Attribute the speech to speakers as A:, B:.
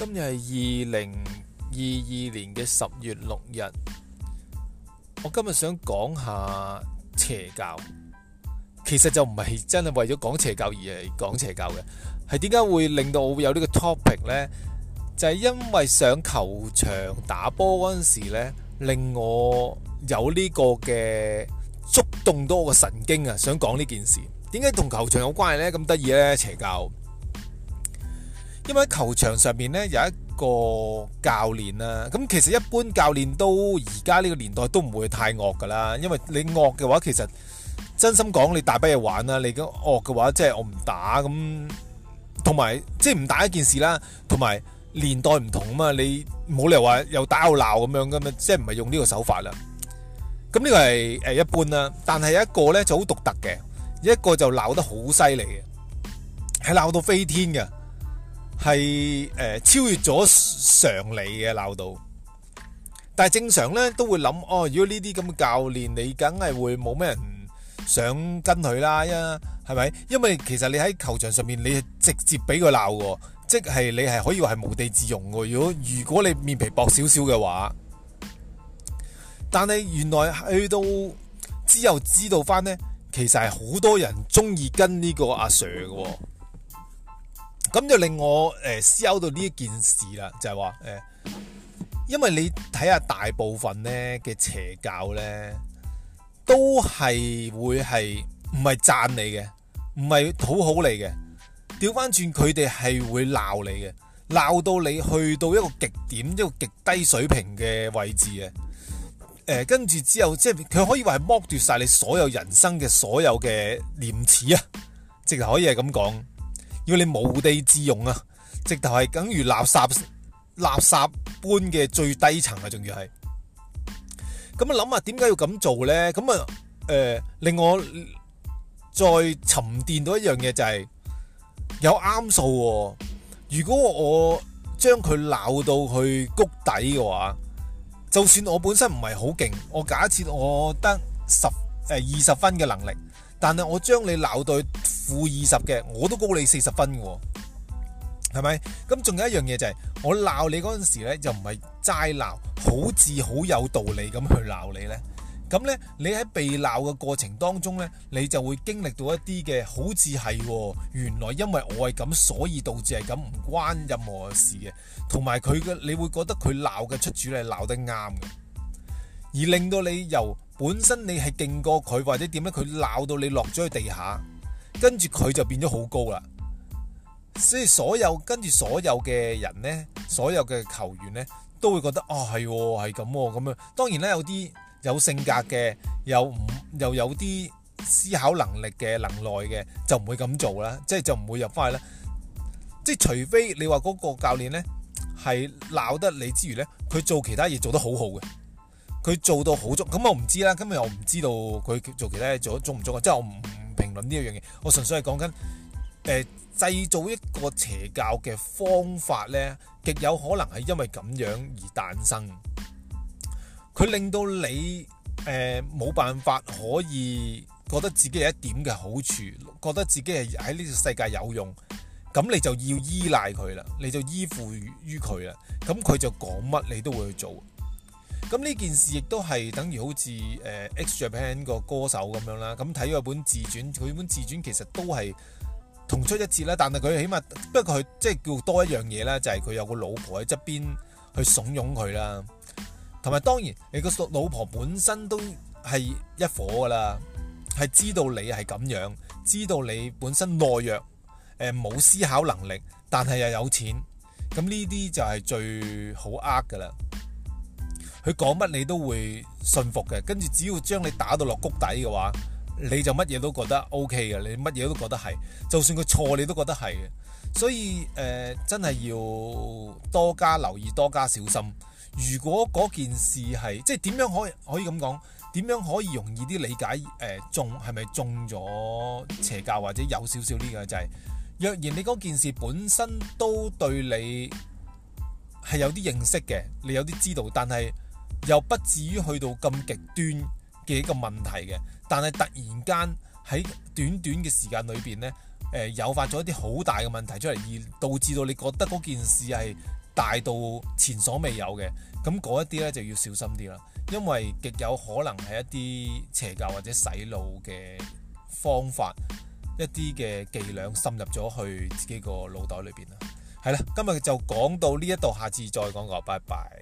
A: 今日係二零二二年嘅十月六日，我今日想講下邪教，其實就唔係真係為咗講邪教而係講邪教嘅，係點解會令到我有呢個 topic 呢？就係因為上球場打波嗰陣時呢，令我有呢個嘅觸動到我嘅神經啊，想講呢件事。點解同球場有關係呢？咁得意呢邪教呢？因為喺球場上面咧有一個教練啦，咁其實一般教練都而家呢個年代都唔會太惡噶啦。因為你惡嘅話，其實真心講你大把嘢玩啦。你咁惡嘅話，即係我唔打咁，同埋即係唔打一件事啦。同埋年代唔同啊嘛，你冇理由話又打又鬧咁樣噶嘛，即係唔係用呢個手法啦。咁呢個係誒一般啦，但係有一個咧就好獨特嘅，一個就鬧得好犀利嘅，係鬧到飛天嘅。係誒、呃、超越咗常理嘅鬧到，但係正常咧都會諗哦，如果呢啲咁嘅教練，你梗係會冇咩人想跟佢啦，一係咪？因為其實你喺球場上面，你係直接俾佢鬧嘅，即係你係可以話係無地自容嘅。如果如果你面皮薄少少嘅話，但係原來去到之後知道翻呢，其實係好多人中意跟呢個阿 Sir 嘅。咁就令我誒思考到呢一件事啦，就係話誒因為你睇下大部分咧嘅邪教咧，都係會係唔係讚你嘅，唔係討好你嘅，調翻轉佢哋係會鬧你嘅，鬧到你去到一個極點，一個極低水平嘅位置嘅，誒跟住之後即係佢可以話係剝奪晒你所有人生嘅所有嘅廉恥啊，即係可以係咁講。要你無地自容啊！直頭係等於垃圾、垃圾般嘅最低層啊！仲要係咁啊，諗下點解要咁做咧？咁啊，誒、呃、令我再沉澱到一樣嘢，就係、是、有啱數、啊。如果我將佢鬧到去谷底嘅話，就算我本身唔係好勁，我假設我得十誒二十分嘅能力，但係我將你鬧到負二十嘅我都高你四十分嘅，哦，係咪？咁仲有一樣嘢，就係、是、我鬧你嗰陣時呢又唔係齋鬧，好似好有道理咁去鬧你呢。咁呢，你喺被鬧嘅過程當中呢，你就會經歷到一啲嘅好似係、哦、原來因為我係咁，所以導致係咁，唔關任何事嘅。同埋佢嘅你會覺得佢鬧嘅出處係鬧得啱嘅，而令到你由本身你係勁過佢或者點樣，佢鬧到你落咗去地下。跟住佢就變咗好高啦，所以所有跟住所有嘅人呢，所有嘅球員呢，都會覺得哦係，係咁咁樣。當然呢，有啲有性格嘅，又唔又有啲思考能力嘅能耐嘅，就唔會咁做啦，即係就唔會入翻去啦。即係除非你話嗰個教練呢係鬧得你之餘呢，佢做其他嘢做得好好嘅，佢做到好足。咁我唔知啦，今日我唔知道佢做其他嘢做得足唔足，即係我唔。呢一樣嘢，我純粹係講緊誒，製造一個邪教嘅方法呢，極有可能係因為咁樣而誕生。佢令到你誒冇、呃、辦法可以覺得自己有一點嘅好處，覺得自己係喺呢個世界有用，咁你就要依賴佢啦，你就依附於佢啦。咁佢就講乜，你都會去做。咁呢件事亦都係等於好似 X Japan 個歌手咁樣啦。咁睇嗰本自傳，佢本自傳其實都係同出一轍啦。但係佢起碼不過佢即係叫多一樣嘢啦，就係佢有個老婆喺側邊去慫恿佢啦。同埋當然你個老婆本身都係一伙噶啦，係知道你係咁樣，知道你本身懦弱，冇思考能力，但係又有錢。咁呢啲就係最好呃噶啦。佢講乜你都會信服嘅，跟住只要將你打到落谷底嘅話，你就乜嘢都覺得 OK 嘅，你乜嘢都覺得係，就算佢錯你都覺得係嘅。所以，呃，真係要多加留意，多加小心。如果嗰件事係即係點樣可以可以咁講？點樣可以容易啲理解，呃，中係咪中咗邪教或者有少少呢個就係、是、若然你嗰件事本身都對你係有啲認識嘅，你有啲知道，但係。又不至於去到咁極端嘅一個問題嘅，但係突然間喺短短嘅時間裏邊呢，誒，誘發咗一啲好大嘅問題出嚟，而導致到你覺得嗰件事係大到前所未有嘅，咁嗰一啲呢，就要小心啲啦，因為極有可能係一啲邪教或者洗腦嘅方法，一啲嘅伎倆滲入咗去自己個腦袋裏邊啦。係啦，今日就講到呢一度，下次再講過，拜拜。